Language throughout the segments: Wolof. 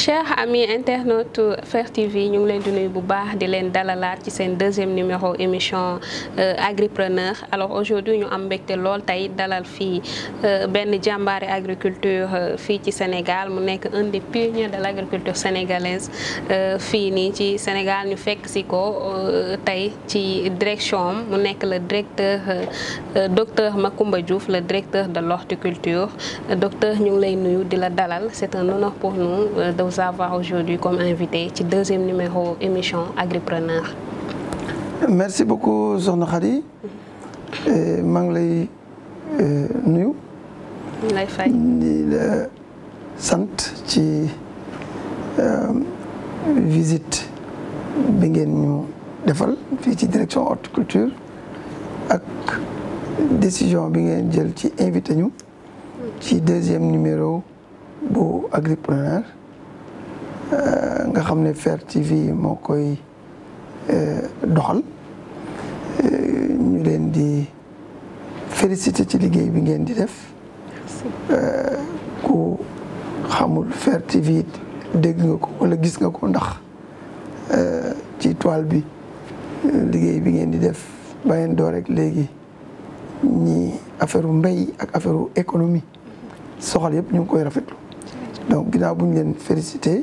chers amis internautes Fer TV nous ngi leen di nuyu bu baax di deuxième numéro émission euh, agripreneur alors aujourd'hui nous am avec lool Taïd d'alalfi Ben euh, benn agriculture euh, fi ci Sénégal mu nekk un des pionniers de l'agriculture sénégalaise fille du ci Sénégal ñu fekk si ko ci direction am mu le directeur docteur Macoumba Diouf le directeur de l'horticulture docteur ñu ngi lay nuyu di la dalal c'est un honneur pour nous de vous avoir aujourd'hui comme invité le deuxième numéro émission Agripreneur. merci beaucoup Soxna Khadi. Je suis lay euh, nuyu. la euh, visite bi ngeen ñu defal fi ci direction horticulture ak décision bi ngeen jël ci invité deuxième numéro pour Agripreneur. Euh, nga xam ne Fer TV moo koy euh, doxal euh, ñu leen di félicité ci liggéey bi ngeen di def ku xamul Fer TV dégg nga ko wala gis nga ko ndax ci toile bi liggéey bi ngeen di def ba ngeen door rek léegi ñi affaire u mbéy ak affaire u économie soxal yëpp ñu ngi koy rafetlu donc ginnaaw bu ñu leen félicité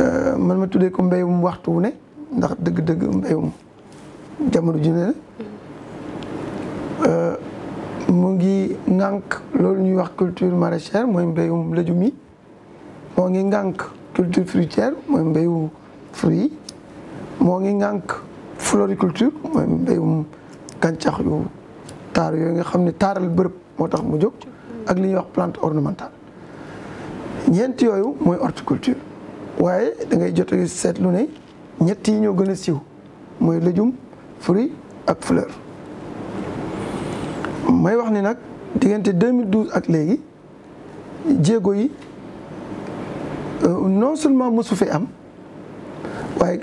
Euh, man ma tuddee ko mbéyum waxtu ne ndax dëgg-dëgg mbéyum jamono ji ne la euh, mu ngi ŋànk loolu ñuy wax culture maraîchère mooy mbéyum lëjum yi moo ngi ngànk culture fruitière mooy mbéyum fruit moo ngi ŋànk floriculture mooy mbéyum gàncax yu taar yooyu nga xam ne taaral bërëb moo tax mu jóg ak li ñuy wax plante ornementale ñeent yooyu mooy horticulture waaye da ngay jot a seetlu ne ñett yi ñoo gën a siiw mooy lëjum fruit ak fleur may wax ni nag diggante 2012 ak léegi jéego yi euh, non seulement mësu fi am waaye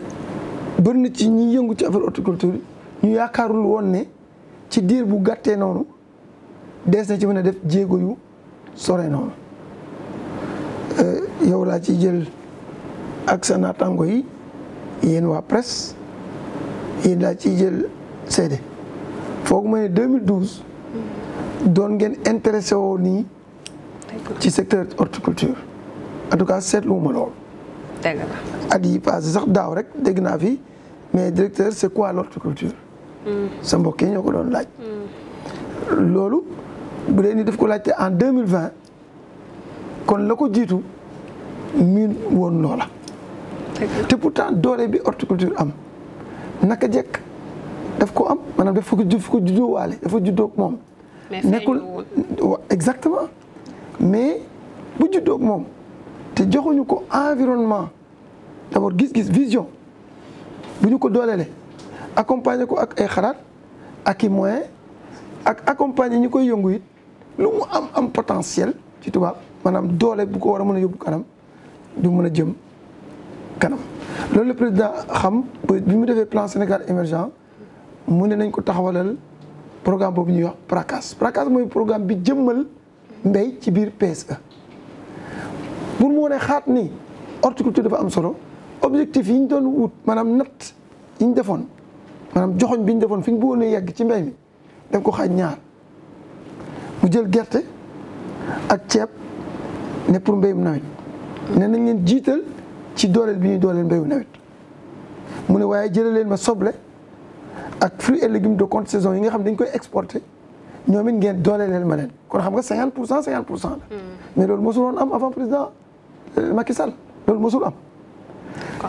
bëri na ci ñi yëngu ci affaire culture ñu yaakaarul woon ne ci diir bu gàttee noonu des na ci mën a def jéego yu sore noonu euh, yow laa ci jël ak sa naataango yi yéen presse yéen la ciy jël seede Faut ma en 2012 Donne ngeen intéressé woo nii ci secteur horticulture en tout cas c'est l'homme lool. dëgg la pas yi passé sax mais directeur c'est quoi l'horticulture? C'est hmm. un mbokk yi ñoo ko doon laaj. Hmm. loolu bu dee dit. en 2020 kon la ko jiitu miin woon et pourtant Il bi horticulture am nakajek daf ko am que faut ko Il faut aller. exactement mais si tu as environnement d'abord gis vision Si tu ko une accompagner ko ak ay xalat ak i ak am am potentiel ci vois, manam doole bu ko loolu le président xam bi mu defee plan Sénégal émergent mu ne nañ ko taxawalal programme boobu ñuy wax PRACAS PRACAS mooy programme bi jëmmal mbéy ci biir PSE pour mu wane xaat ni horticulture dafa am solo objectif yi ñu doon wut maanaam natt yi ñu defoon maanaam joxoñ bi ñu defoon fi ñu bëggoon a yegg ci mbéy mi daf ko xaaj ñaar mu jël gerte ak ceeb ne pour mbéyum nawet ne nañ leen jiital ci dooleel bi ñuy dooleel mbéyu nawet mu ne waaye jëlee ma soble ak fruits et légumes de contre saison yi nga xam dañ koy exporté ñoom it ngeen dooleel ma leen kon xam nga 50 pour cent 50 pour cent la. Hmm. mais loolu mosul woon am avant président euh, Macky Sall loolu mosul am.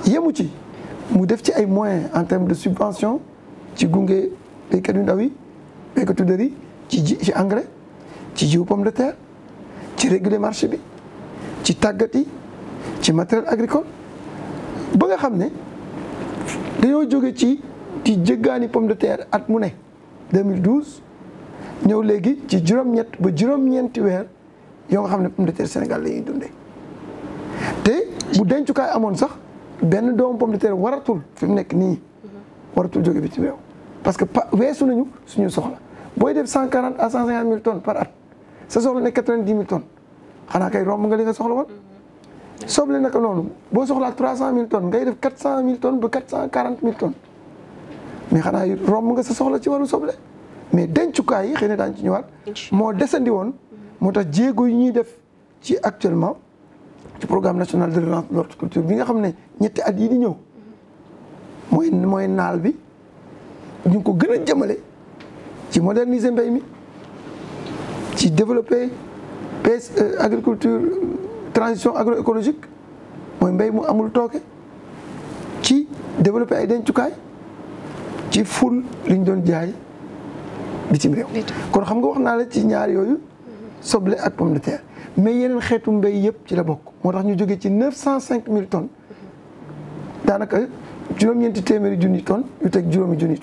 yemu ci mu def ci ay moyens en termes de subvention ci gunge béykat yu ndaw yi béykatu dër yi ci ji ci engrais ci jiwu pomme de terre ci réguler marché bi ci tàggat yi. ci matériel agricole ba nga xam ne dañoo ci di jëggaani pomme de terre at mu ne 2012 ñëw léegi ci juróom-ñett ba juróom-ñeenti weer yoo nga xam ne pomme de terre Sénégal la ñuy dundee te bu dencukaay amoon sax ben doomu pomme de terre waratul fi nek ni waratul jóge bitim réew parce que pa weesu nañu suñu soxla booy def cent quarante à cent cinquante mille tonnes par at sa soxla ne quatre tonnes kay nga li nga soxla soble naka noonu boo soxlaa trois cent mille tonnes ngay def quatre cent mille tonnes ba quatre cent mais xanaa romb nga sa soxla ci wàllu soble mais dencukaay yi xëy na daañu ci ñëwaat. moo desandi woon. moo tax jéego yi ñuy def ci actuellement ci programme national de relance de l'horticulture bi nga xam ne ñetti at yi di ñëw. mooy mooy naal bi ñu ngi ko gën a jëmale ci moderniser mbay mi ci développer pêche euh, agriculture. transition agroécologique mooy mbay mu amul tooke ci développer ay dencukaay ci ful li ñu doon jaay bitim kon xam nga wax naa la ci ñaar yooyu soble ak pomme de mais yeneen xeetu mbay yëpp ci la bokk moo tax ñu jógee ci neuf cent cinq mille tonnes daanaka juróom-ñeenti téeméeri junni tonnes yu teg juróomi junni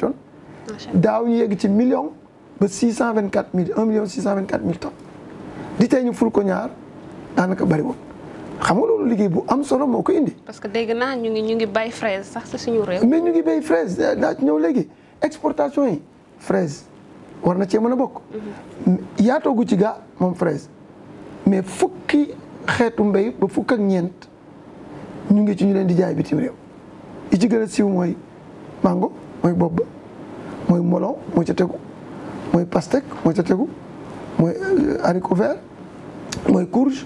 daaw ñu yegg ci million ba six cent vingt quatre mille un million six cent vingt quatre mille di tey ñu ful ko ñaar. daanaka bariwul xam nga loolu liggéey bu am solo moo ko indi. parce que dégg naa ñu ngi ñu ngi bay fraise sax ci suñu réew. mais ñu ngi bay fraise eh, daa ci ñëw léegi exportation yi fraise war na cee mën a bokk. Mhm. yaatoogu ci gaa moom fraise mais fukki xeetu mbay ba fukk ak ñeent ñu ngi ci ñu leen di jaay bitim réew yi ci gën a siiw mooy mango mooy bopp ba mooy melon mooy ca tegu mooy pastèque moo ca tegu mooy euh, haricot mooy courge.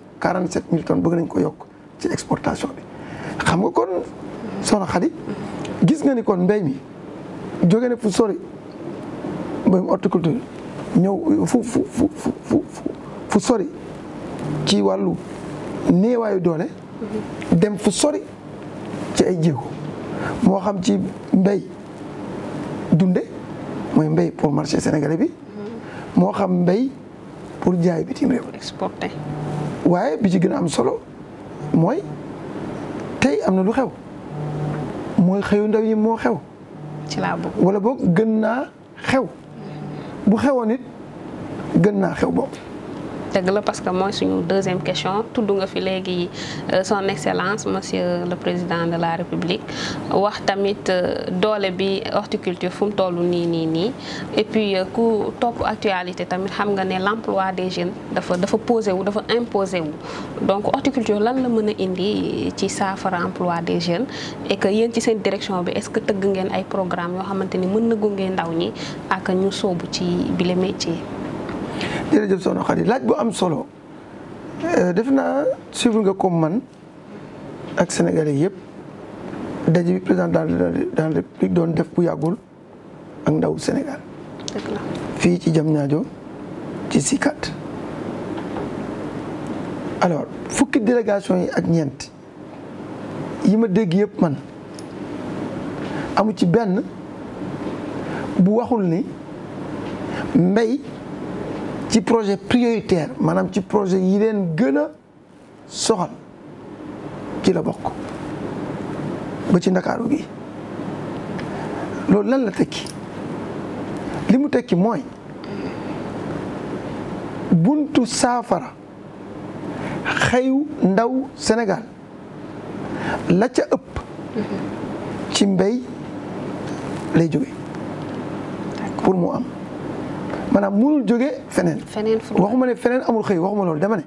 47 mille tonnes bëgg nañ ko yokk ci exportation bi xam nga kon soxna Xadi gis nga ni kon mbéy mi jóge na fu sori mbéyum ñëw fu sori ci wàllu néewaayu doole dem fu sori ci ay jéego moo xam ci mbéy dunde mooy mbéy pour marché sénégalais bi moo xam mbéy pour jaay bitim réew exporté waaye bi ci gën a am solo mooy tey am na lu xew mooy xëyu ndaw ñi moo xew. ci laa wala boog gën naa xew bu xewoon it gën naa xew boobu. dëgg parce que mooy suñu deuxième question tudd nga fi léegi euh, son excellence monsieur le président de la république wax tamit euh, doole bi horticulture fu mu toll ni ni et puis euh, ku topp actualité tamit xam nga ne l'emploi des jeunes dafa dafa posé wu dafa imposé wu donc horticulture lan la mën indi ci saafara emploi des jeunes et que yéen ci seen direction bi est-ce que tëgg ngeen ay programme yoo xamante ni mën na gunge ndaw ñi ak ñu soobu ci bile métier jërëjëf soxna Khady laaj bu am solo euh, def naa suivre nga comme man ak sénégalais yépp daje président de république doon def bu yàggul ak ndaw Sénégal. fii ci Diamniadio ci Sicap alors fukki délégation yi ak ñeent yi ma dégg yépp man amu ci benn bu waxul ni mbay. ci projet prioritaire maanaam ci projet yi leen gën a soxal ci la bokk ba ci ndakaaru gi loolu lan la tekki li mu tekki mooy buntu saafara xëyu ndaw Sénégal la ca ëpp mm-hmm. ci mbéy lay jóge pour mu am maanaam mënul jóge feneen. feneen waxuma ne feneen amul xëy waxuma loolu dama ne.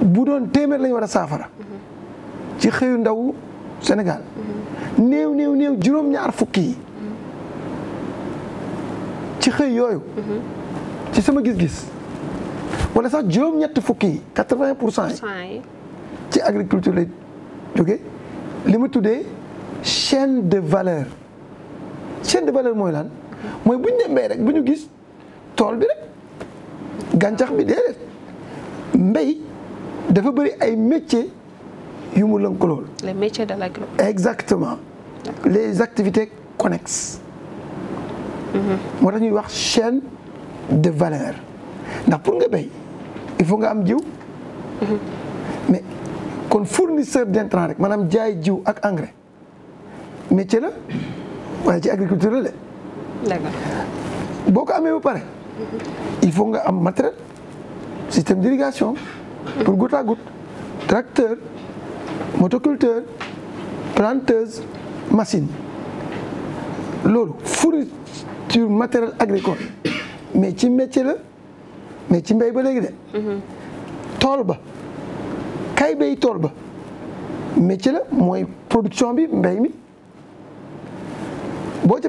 bu doon téeméer lañ war a saafara. ci xëyu ndaw Sénégal. néew néew néew juróom-ñaar fukki ci xëy yooyu. ci sama gis-gis. wala sax juróom-ñett fukki yi quatre-vingt pour cent yi. ci agriculture lay jóge li mu tuddee chaîne de valeur chaîne de valeur mooy lan. moy buñ ñu rek buñu gis tol bi rek gàncax bi déedéet mbey dafa bëri ay métiers yu mu lëkkalool. les métiers de l'agro. exactement les activités connexes. Mm-hmm. moo tax ñuy wax chaîne de valeur ndax pour nga béy il faut nga am jiw. Mm-hmm. mais kon fournisseur d'intrants rek manam jaay jiw ak engrais métier la waaye ci agriculture la il faut un matériel système d'irrigation pour goutte à goutte tracteur motoculteur planteuse machine l'eau fourniture matériel agricole mais ci métier le, mais ci mbéy ba léegi de mhm. tool kay béy tool métier production bi bien mi boo ci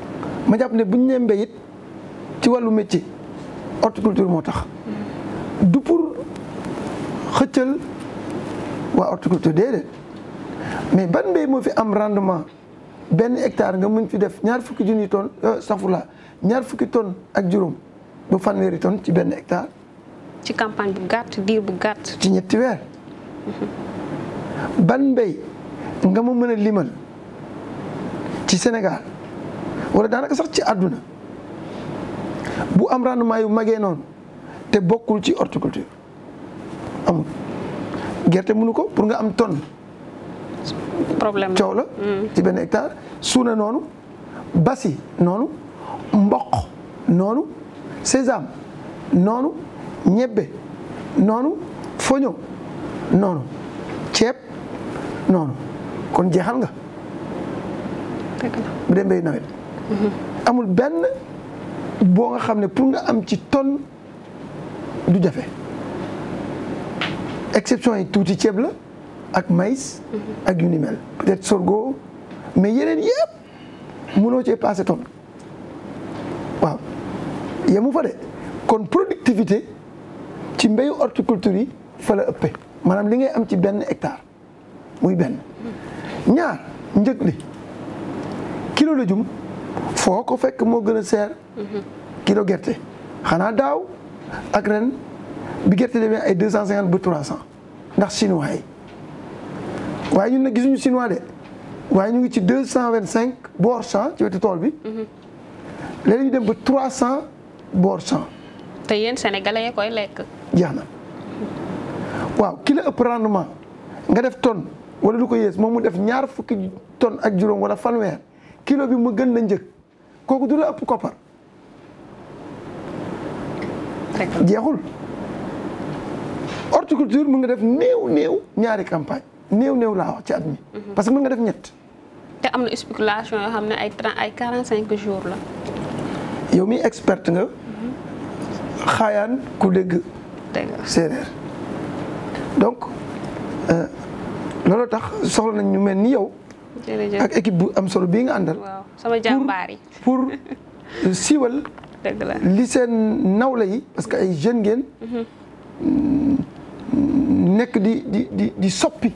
ma jàpp ne bu ñu nee mbéy it ci wàllu métier horticulture moo tax du pour xëccal waa horticulture déedéet mais ban mbéy moo fi am rendement benn hectare nga mën fi def ñaar fukki junni tonne euh, safula ñaar fukki ton ak juróom ba fanweeri tonne ci benn hectare. ci campagne bu gàtt diir bu gàtt. ci ñetti weer. Mhm. ban mbéy nga ma mën a limal ci Sénégal wala daanaka sax ci àdduna bu am rendement yu magee noonu te bokkul ci horticulture am gerte mënu ko pour nga am ton problème coow la. Hmm. ci benn hectare suuna noonu basi noonu mboq noonu sésame noonu ñebbe noonu foño noonu ceeb noonu kon jeexal nga. bu dee mbéyu nawet. amul ben bo nga xamné pour nga am ci tonne du jafé exception yi touti ceeb ak maïs. ak yuni mel peut-être sorgho mais yenen yépp mënoo ci passé tonne waaw yemu fa dé kon productivité ci mbéyu horticulture yi fa la ëppé manam li ngay am ci ben hectare muy ben. ñaar njëg li kilo la jum il ko que je gën a seer. kilo gerte xanaa daaw ak ren bi gerte je ay deux cent Vous avez chinois yi waaye Je nag chinois de waaye ñu ngi ci deux cent vingt ñu sénégalais est koy lekk. waaw ki la rendement nga def tonne wala kilo bi mu gën la njëg kooku du la ëpp koppar. jeexul horticulture mu nga def néew néew ñaari campagne néew néew laa wax ci at mi. Mhm. parce que mën nga def ñett. te am na spéculation xam ne ay trente ay quarante cinq jours la. yow mi expert nga. Mhm. xaayaan ku dégg. séeréer donc euh, loolu tax soxla nañ ñu mel ni yow. ak équipe bu am solo bii nga àndal. waaw sama jàmbaar yi pour euh, siiwal. dëgg la li seen nawla yi parce que ay jeunes ngeen. Mhm. Mm, di di di di soppi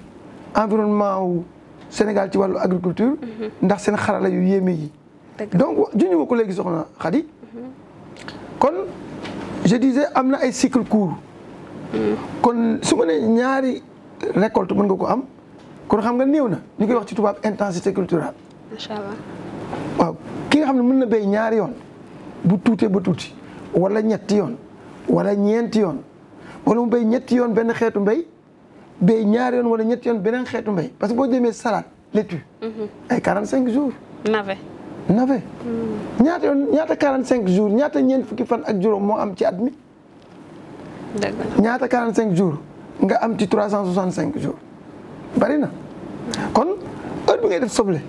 environnement Sénégal ci wàllu agriculture. Mhm. ndax seen xarala yu yéeme yi. donc junj ma ko léegi soxna mhm. kon je am na ay cycle court. kon su ma ñaari récolte mën nga ko am. kon xam nga néew na ñu koy wax ci tubaab intensité culturelle. macha waaw ki nga xam ne mën na bay ñaari yoon bu tuutee ba tuuti wala ñetti yoon wala ñeenti yoon wala mu bay ñetti yoon benn xeetu mbéy béy ñaari yoon wala ñetti yoon beneen xeetu mbéy parce que boo demee salade laitue. Mm-hmm. ay 45 jours. navet. navet. Mm. ñaata yoon ñaata 45 jours ñaata ñeent fukki fan ak juróom moo am ci at mi. dëgg la ñaata 45 jours nga am ci cinq jours. bari na kon heure def soble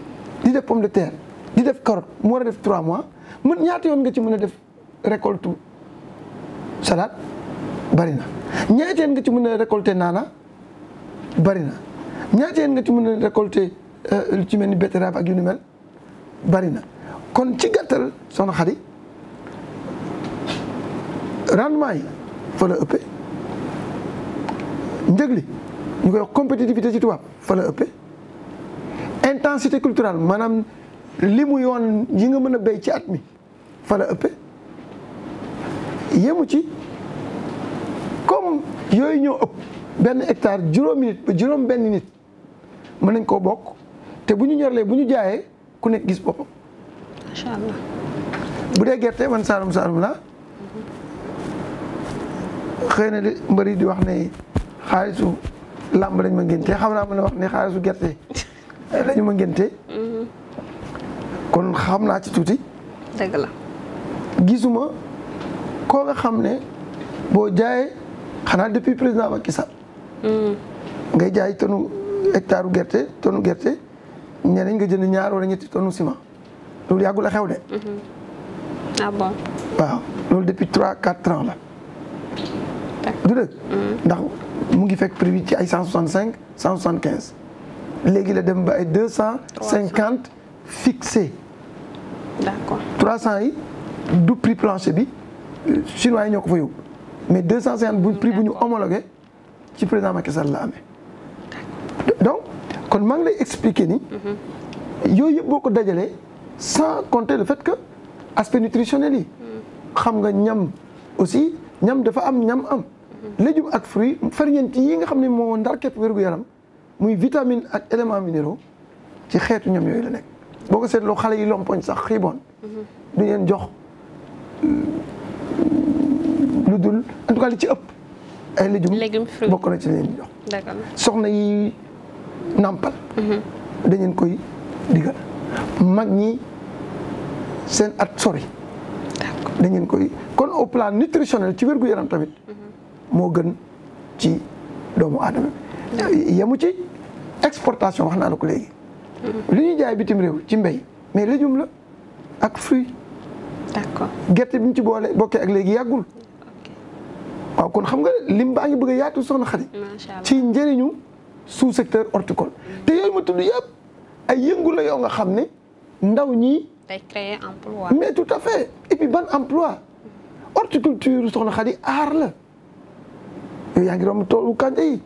di def pomme de terre di def carotte mu war a def 3 mois mën ñaata yoon nga ci mën a def récolte salade bari na ñaata yoon nga ci mën a récolter naana bari na ñaata yoon nga ci mën a récolter euh, lu ci mel ni betterave ak yu ni mel bari na kon ci gàttal soxna Xadi rendement yi fa la ëppee njëg ñu koy wax compétitivité ci tubaab fa la ëppee intensité culturelle maanaam li mu yoon yi nga mën a bay ci at mi fala ëpp ëppee yemu ci comme yooyu ñoo ëpp benn hectare juróomi nit ba juróom benn nit mën nañ koo bokk te bu ñu ñorlee bu ñu jaayee ku nekk gis boppam. macha bu dee gerte man saalum saalum laa xëy na de mbëri di wax ne xaalisu làmb lañ ma ngénte xam naa mën a wax ne xaalisu gerte lañu ma ngénte mm-hmm. kon xam naa ci tuuti. dëgg la. gisuma koo nga xam ne boo jaayee xanaa depuis président Macky Sall. Mm. ngay jaay tonu hectare gerte tonu gerte ñeneen nga jën ñaar wala ñetti tonu ciment loolu yàggul a xew de. Mm-hmm. Ah waaw loolu depuis trois quatre ans la. du dëgg mm. ndax. mu ngi fekk prix ci 165 175 L'église la dem 250 fixé. d'accord 300 c'est du prix plancher bi chinois yi ñoo mais 250 bu prix bu ñu homologué ci président Macky Sall la amee. donc kon je vais expliquer ni. il y a beaucoup sans compter le fait que aspect nutritionnel yi. Mhm. xam nga ñam aussi ñam dafa am ñam am. légumes ak fruits ferñeent yi nga xam ne moo ndarket képp yaram muy vitamine ak éléments minéraux ci xeetu ñoom yooyu la nekk. boo ko seetloo xale yi lompoñ sax xiiboon. du leen jox euh, lu dul en tout cas li ci ëpp. ay légumes bokk na ci leen jox. soxna yi nàmpal. Mhm. dañeen koy digal mag ñi seen at sori. dañeen koy kon au plan nutritionnel ci wér gu yaram tamit. Mhm. moo gën ci doomu aadama yamu ci exportation wax na la ko léegi li ñuy jaay bitim réew ci mbéy mais légume la ak fruit d'accord gerte bi mu ci boole bokkee ak léegi yàggul waaw kon xam nga lim baa ngi bëgg a yaatu soxna xarit ci njëriñu sous secteur horticole te yooyu ma tudd yëpp ay yëngu la yoo nga xam ni ndaw ñi day créer emploi mais tout à fait et puis ban emploi horticulture soxna xarit aar la yow yaa ngi romb toolu kànja yi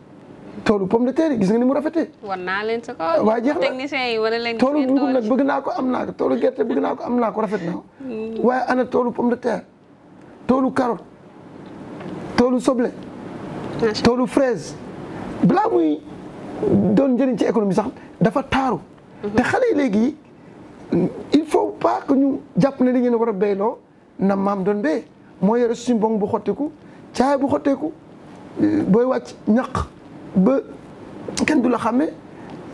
toolu pomme de terre gis nga ni mu rafetee. war naa leen sa kaw jeex na technicien yi wala leen toolu dugub nag bëgg naa ko am naa ko toolu gerte bëgg naa ko am naa ko rafet na hmm. waaye ana toolu pomme de terre toolu carotte toolu soble. toolu fraise balaa muy doon njëriñ ci économie sax dafa taaru. Hmm. te xale yi léegi il faut pas que ñu jàpp ne dañu leen war a béyloo na maam doon béy moo yore suñu bong bu xottiku caay bu xottiku. booy wàcc ñaq ba kenn du la xàmme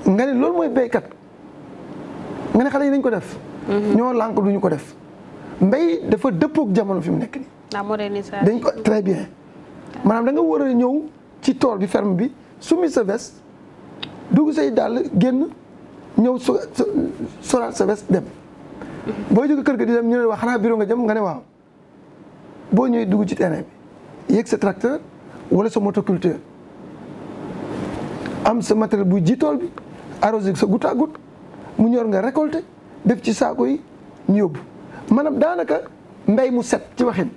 nga ne loolu mooy béykat nga ne xale yi dañ ko def. Mhm. ñoo lànk duñu ko def mbay dafa dëppook jamono fi mu nekk nii. la dañ ko très bien maanaam da nga war a ñëw ci tool bi ferme bi summi sa veste dugg say dàll génn ñëw so solaat sa veste dem. Mhm. booy jóge kër gi di dem ñu ne waa xanaa bureau nga jëm nga ne waaw boo ñëwee dugg ci terrain bi yéeg sa tracteur. wala sa motoculteur am sa matériel buy ji tool bi arrosé sa goutte à mu ñor nga récolter def ci saako yi ñu yóbbu maanaam daanaka mbay mu set ci waxin.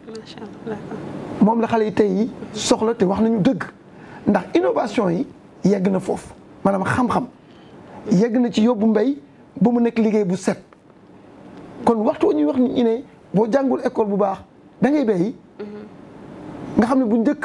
moom la xale yi tey soxla te wax nañu dëgg ndax innovation yi yegg na foofu maanaam xam-xam yegg na ci yóbbu mbay ba mu nekk liggéey bu set kon waxtu ñuy wax nit ñi boo jàngul école bu baax da ngay béy. Mm-hmm. nga xam ne buñ njëkk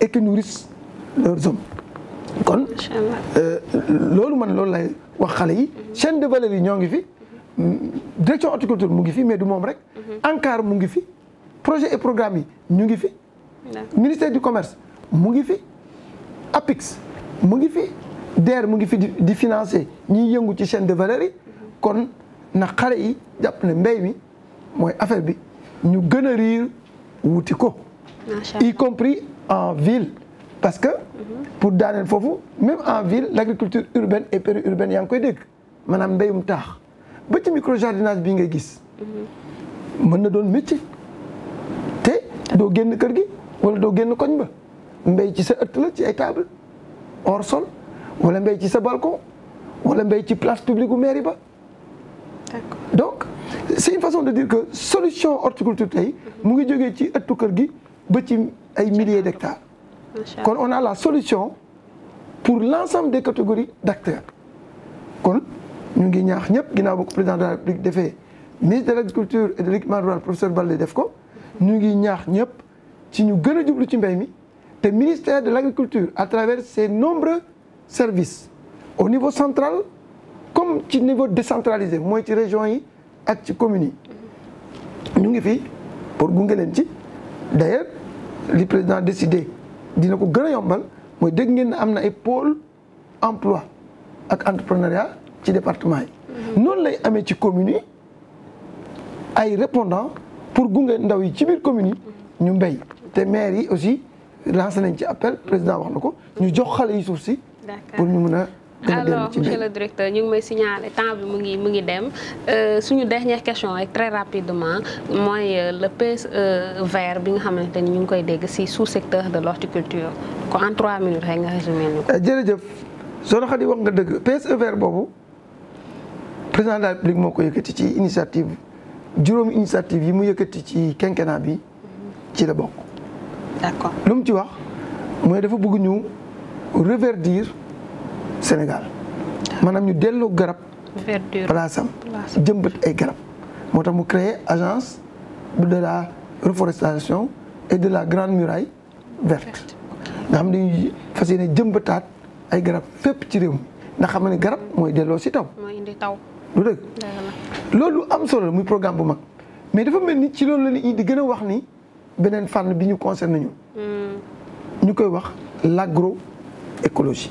et qui nourrissent leurs hommes kon euh, loolu man loolu lay wax xale yi mhm. chaîne de valeur yi ngi fi mhm. direction horticulture mu ngi fi mais du moom rek mhm. ANCAR mu ngi fi projet et programme yi ñu ngi fi ministère du commerce mu ngi fi APIX mu ngi fi DER mu ngi fi di financer ñiy yëngu ci chaîne de valeur yi kon na xale yi jàpp ne affaire bi ñu gën a riir ko y compris en ville parce que pour daaneel vous, même en ville l'agriculture urbaine et périurbaine yaa ngi koy dégg maanaam mbéyum taax ba ci micro jardinage bii ngay gis mën na doon métier te doo génn kër gi wala doo génn koñ ba mbéy ci sa ëtt la ci ay table hors sol wala mbéy ci sa balcon wala mbéy ci place publique ou mairie donc c'est une façon de dire que solution horticulture tay mu ngi jógee ci ëttu kër gi des milliers d'hectares Donc on a la solution pour l'ensemble des catégories d'acteurs kon nous ngi ñaax ñëpp ginnaaw président de la République le ministre de l'agriculture et de l'équipement professeur Balde def ko ñu ngi ñaax ñëpp ci ñu le ministère de l'agriculture à travers ses nombreux services au niveau central comme au niveau décentralisé moins ci région yi ak ci communes Nous, ñu ngi pour vous leen d'ailleurs le président décidé a yombal mooy dégg ngeen ne ay pôle emploi ak entrepreneuriat ci département mhm. Nous avons lay amee ci communes ay pour que ndaw yi ci biir communes yi ñu les maires aussi lancé un appel, appel président nous na ko ñu jox yi pour nous alors monsieur le directeur nous avons may signaler temps table mu euh, dernière question très rapidement euh, le PSE vert sous secteur de l'horticulture en trois minutes résumé euh, je vous vert président de la République initiative l'initiative, initiative yi mu d'accord reverdir. Sénégal maanaam ñu delloo garab. verdure palaasam jëmbat ay garab. moo tax mu créé agence de la reforestation et de la grande muraille verte nga xam ne fas yéene jëmbataat ay garab fépp ci réew mi ndax xam ne garab mooy delloo si taw. mooy indi taw. loolu am solo muy programme bu mag mais dafa mel ni ci loolu la nit ñi di gën a wax ni beneen fànn bi ñu concerné nañu hmm. ñu koy wax l'agro écologie.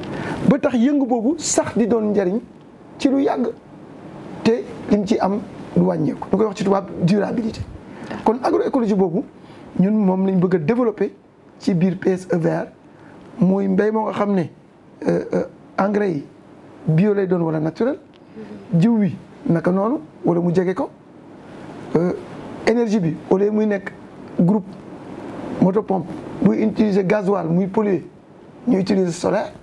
ba tax yëngu bobu sax di doon ci lu te am koy wax ci durabilité kon agroécologie des ñun moom lañ bëgg a développer ci biir PSE vert mooy des moo nga xam ne euh, euh, engrais yi bio wala naturel jiw wi naka noonu wala mu jege ko euh, énergie bi nekk groupe motopompe buy utiliser gasoil muy polluer ñu utiliser solaire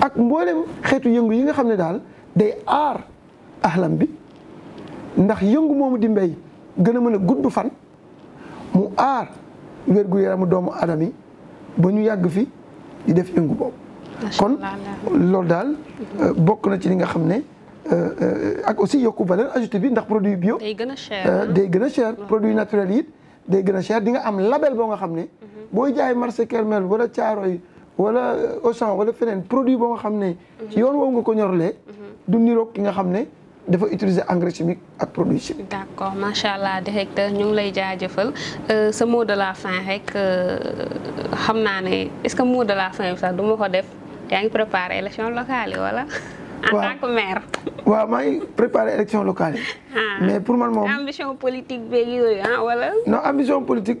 ak mboolem xeetu yëngu yi nga xam ne daal day aar ahlam bi ndax yëngu moomu di mbéy gën a mën a gudd fan mu aar wérgu yaramu doomu aadama yi ba ñu yàgg fi di def yëngu boobu. kon loolu daal euh, bokk na ci li nga xam ne euh, euh, ak aussi yokku valeur ajoutée bi ndax produit bio. day gën a cher day gën a cher produit naturel yi day gën a cher di nga am label boo nga xam ne. Mhm. booy jaay marché Kermel wala Caaroy wala Auchan wala feneen produit boo nga xam ci yoon woowu nga ko ñorlé du niro ki nga xamné dafa utiliser engrais chimique ak produit chimique. d'accord accord macha allah directeur ñu ngi lay euh ce mot de la fin rek euh, xam naa ne est ce que mot de la fin ça sax du ma ko def ya ngi préparer élection locale wala. en tant que maire. wa maa préparer élection locale ah. mais pour man moom ambition politique beeg yooyu ah wala. non ambition politique.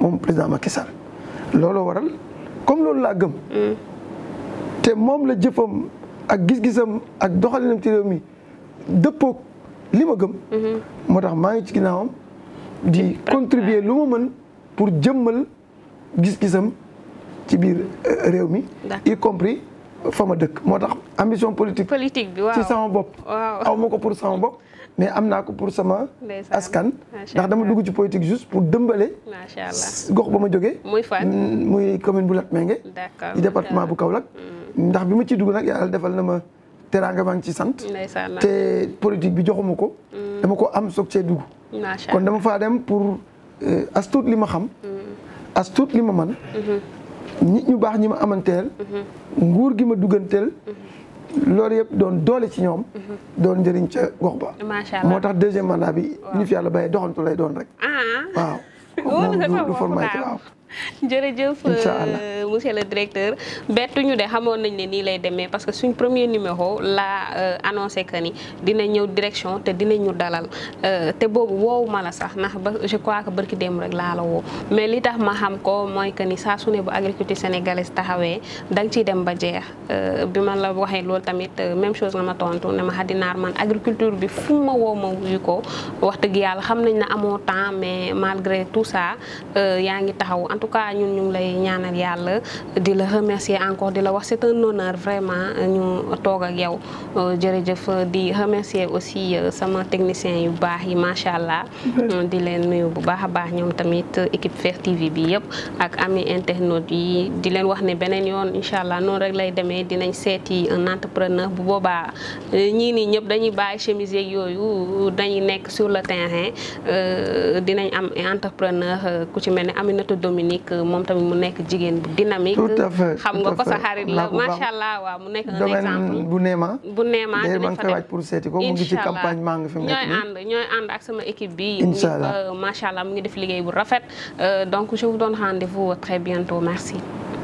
moom président Macky Sall looloo waral comme loolu laa gëm. te moom la jëfam ak gis-gisam ak doxalinam ci réew mi dëppook li ma gëm. moo tax maa ngi ci ginnaawam di contribuer lu ma mën pour jëmmal gis-gisam ci biir euh, réew mi. y compris fa ma dëkk moo tax ambition politique. politique bi waaw sama bopp. waaw aw ma ko pour sama bopp. mais am naa ko pour sama askan ndax dama dugg ci politique juste pour dëmbale gox ba ma jógee muy mm, commune bu Latmingué di département bu Kaolack ndax bi ma ciy dugg nag yàlla defal na ma teraanga maa ngi ci sant te politique bi joxuma ko mm. dama ko am soog cee dugg kon dama faa dem pour euh, as tuut li ma xam mm. as tuut li ma man mm-hmm. nit ñu baax ñi ma amanteel mm-hmm. nguur gi ma dugganteel mm-hmm. loolu yëpp doon doole ci ñoom. Mhm. doon njëriñ ca gox ba. macha moo tax deuxième mandat bi. waaw ñu fi yàlla bayee doxantu lay doon rek. Ah. waaw. wóor na nga jërëjëf euh, monsieur le directeur bettuñu de xamoon nañ ne nii lay demee parce que suñ premier numéro laa euh, annoncé que ni dina ñëw direction te dinañu dalal euh, te boobu woowuma la sax ndax ba je crois que barki démb rek laa la mais li tax ma xam ko mooy que ni saa su bu agriculture sénégalaise taxawee danga ciy dem ba jeex bi ma la waxee loolu tamit même chose la ma tontu ne ma xadinaar man agriculture bi fu ma woo ma wuyu ko wax dëgg yàlla xam nañ ne amoo temps mais malgré tout ça yaa ngi taxaw en tout cas ñun ñu ngi lay ñaanal yàlla di la remercier encore di la wax c'est un honneur vraiment ñu toog ak yow euh, jërëjëf di remercier aussi euh, sama technicien yu baax yi macha allah. Mm-hmm. di leen nuyu bu baax a baax ñoom tamit équipe Fer bi yëpp ak ami internautes yi di leen wax ne beneen yoon incha allah noonu rek lay demee dinañ seeti un entrepreneur bu boobaa ñii nii ñëpp dañuy bàyyi chemise yeeg yooyu dañuy nekk sur le terrain euh, dinañ am entrepreneur ku ci mel dynamique euh, moom tamit mu nekk jigéen bu dynamique. xam nga ko sa xarit la macha allah mu nekk un exemple bu neema. bu neema dinañ fa dem pour seeti ko mu ngi maa ngi fi mu nekk ànd ak sama équipe bi. incha euh, macha allah mu ngi def liggéey bu rafet euh, donc je vous donne rendez-vous très bientôt merci.